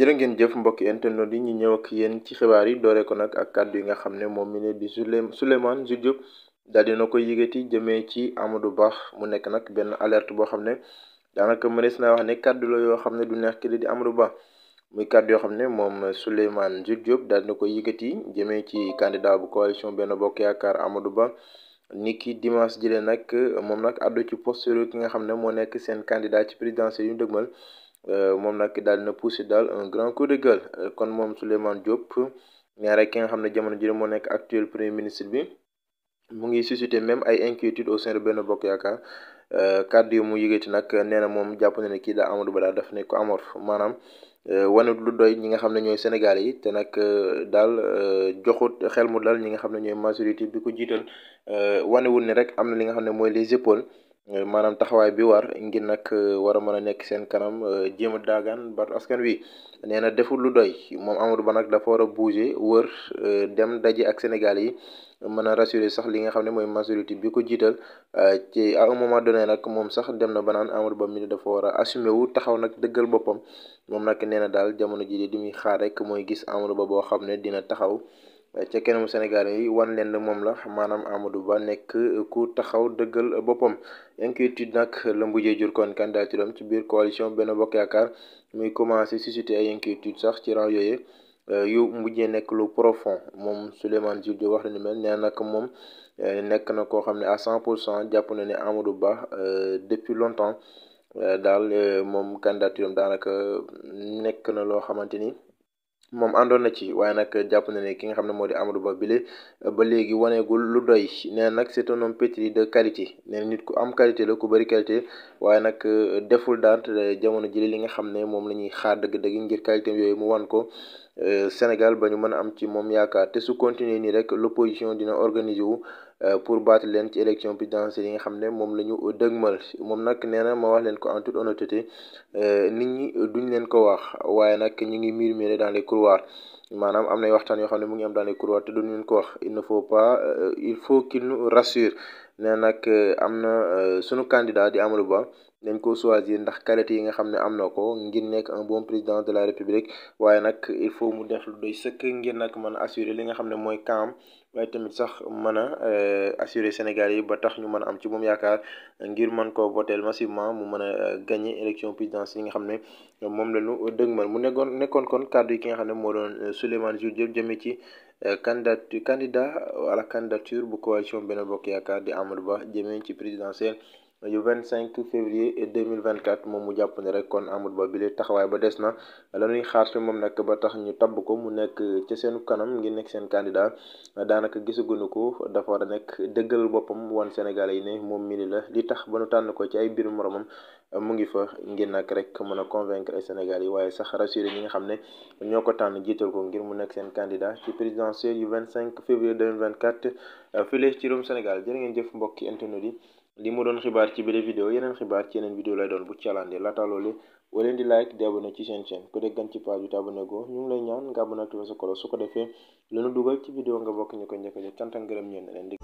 jërë ngeen jëf mbokki internet yi ñu ñëw ak yéen ci xibaar yi doore ko nag ak kàddu yi nga xam ne moom mi ne di Souleymane Jules Diop daal dina ko yëgati jëmee ci Amadou Ba mu nekk nag benn alerte boo xam ne daanaka mënees naa wax ne kàddu la yoo xam ne du neex kii di Amadou baax muy kàddu yoo xam ne moom Souleymane Jules Diop daal dina koy yëgati jëmee ci candidat bu coalition benn bokk yaakaar Amadou baax ni ki dimanche jëlee nag moom nag àddu ci posture ki nga xam ne moo nekk seen candidat ci présidentielle yu ñu dëgmal Euh, moom nag daal na poussé daal un grand coup de gueule euh, kon moom Souleymane Diop ñaare ki nga xam ne jamono ji moo nekk actuel premier ministre bi mu ngi suscité même ay inquiétudes au sein benn Benno Bokk Yaakaar euh, kàddu yi mu yëgati nag nee na moom jàpp na ne kii daa Amadou Ba daal daf ne ko amor maanaam wanut lu doy ñi nga xam ne ñooy Sénégal yi te nag daal joxut xel mu dal ñi nga xam ne ñooy majorité bi ko jiital wanewul ni rek am na li nga xam ne mooy les épaules Euh, maanaam taxawaay bi war ngir nag euh, war a mën a nekk seen kanam euh, jéem a daagaan ba askan wi nee na deful lu doy moom Amadou Ba nag dafa war a bouger wër dem daje ak Sénégal yi mën a rassurer sax li nga xam ne mooy majorité bi ko jiital ci à un moment donné nag moom sax dem na ba naan Amadou Ba mi dafa war a assumer wu taxaw nag dëggal boppam moom nag nee na daal jamono jii di muy xaar rek mooy gis Amadou Ba boo xam ne dina taxaw. Eh, ca kanamu Sénégalais yi wan leen moom la maanaam Amadou Ba nekk eh, ku taxaw dëggal boppam inquiétude nag la mbujee jur kon candidature am ci biir coalition benn Bokk Yaakaar muy commencé susciter ay inquiétude sax ci rang yooyu eh, yu mujjee nekk lu profond moom Souleymane Jules Diop wax na ni mel nee nag moom nekk na koo xam ne à cent pour cent jàpp na ne Amadou Ba depuis longtemps daal moom candidature am daanaka nekk na loo xamante ni moom àndoon na ci waaye nag jàpp na ne ki nga xam ne moo di Amadou Ba bile ba léegi waneegul lu doy nee nag c'est un homme pétri de qualité nee nit ku am qualité la ko bëri qualité waaye nag euh, deful daal jamono jëlee li nga xam ne moom la ñuy xaar dëgg-dëgg ngir qualité yooyu mu wan ko. Euh, Sénégal ba ñu mën a am ci moom yaakaar te su continuer nii rek l'opposition dina organiser wu euh, pour baat leen ci élection présidentielle yi nga xam ne moom la ñu dëgmal moom nag nee na ma wax leen ko en toute honnêteté euh, nit ñi duñ leen ko wax waaye nag ñu ngi murmurer dans les couloirs maanaam am na waxtaan yoo xam ne mu ngi am dans les couloirs du duñ leen ko wax il ne faut pas il faut qu'il nous rassure nee nag eh, am na eh, sunu candidat di Amadou Ba dañ ko choisir ndax qualité yi nga xam ne am na ko ngir nekk un bon président de la république waaye nag il faut mu def lu doy sëkk ngir nag mën a assurer li nga xam ne mooy kaam waaye tamit sax mën a eh, assurer Sénégal yi ba tax ñu mën a am ci moom yaakaar ngir mën koo voter massivement mu mën a gagner élection présidentielle yi nga xam ne moom la ñu dëgmal mu nekkoon nekkoon kon kàddu yi ki nga xam ne moo doon Souleymane Jules Diop ci. Euh, candidat candidat euh, à la candidature bu coalition Benno Bokk Yaakaar di Amadou Ba jëmee ci présidentielle yu 25 février 2024 moom mu jàpp ne rek kon Amadou Ba bile taxawaay ba des na la ñuy xaar ci moom nag ba tax ñu tabb ko mu nekk ca seenu kanam ngir nekk seen candidat daanaka gisaguñu ko dafa war a nekk dëggalal boppam wan Sénégalais yi ne moom mii la li tax ba nu tànn ko ci ay biir moromam mu ngi fa ngir nag rek mën a convaincre ay Sénégalais yi waaye sax rassuré ñi nga xam ne ñoo ko tànn jiital ko ngir mu nekk seen candidat ci présidentielle yu 25 février 2024 fii ci réewum Sénégal jërë ngeen jëf mbokki internet yi. li mu doon xibaar ci bile vidéo yeneen xibaar ci yeneen vidéo lay doon bu calande laata loolu woo di like di abonné ci seen chaîne ku déggan ci page bi te go ñu lay ñaan nga abonné activé ko defee lu nu dugal ci vidéo nga bokk ñu ko njëkk a jot cant ak ngërëm